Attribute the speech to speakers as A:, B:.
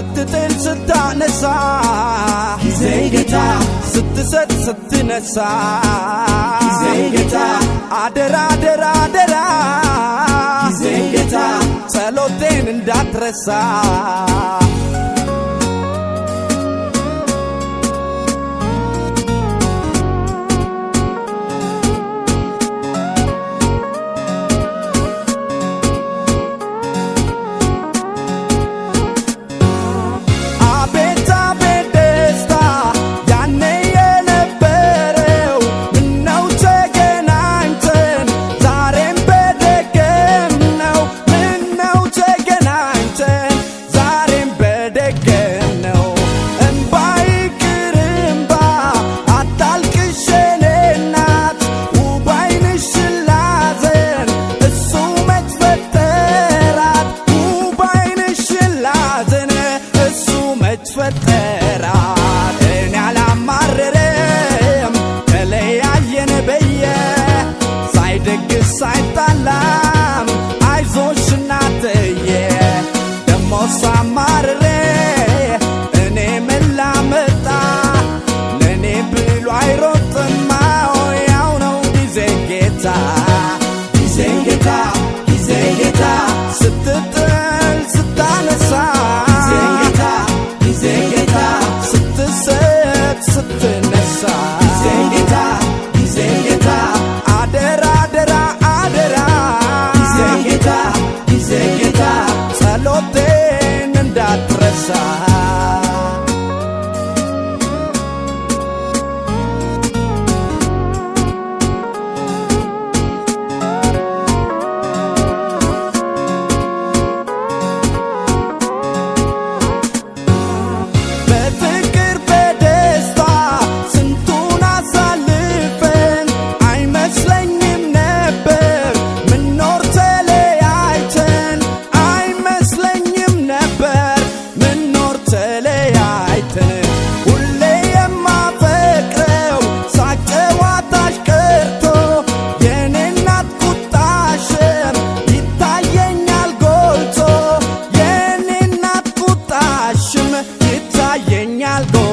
A: ስትጥል ስታነሳ
B: ጊዜ ጌታ
A: ስትሰጥ ስትነሳ
B: ጊዜ ጌታ
A: አደራ አደራ አደራ
B: ጊዜ ጌታ
A: ጸሎቴን እንዳትረሳ ta, se señal.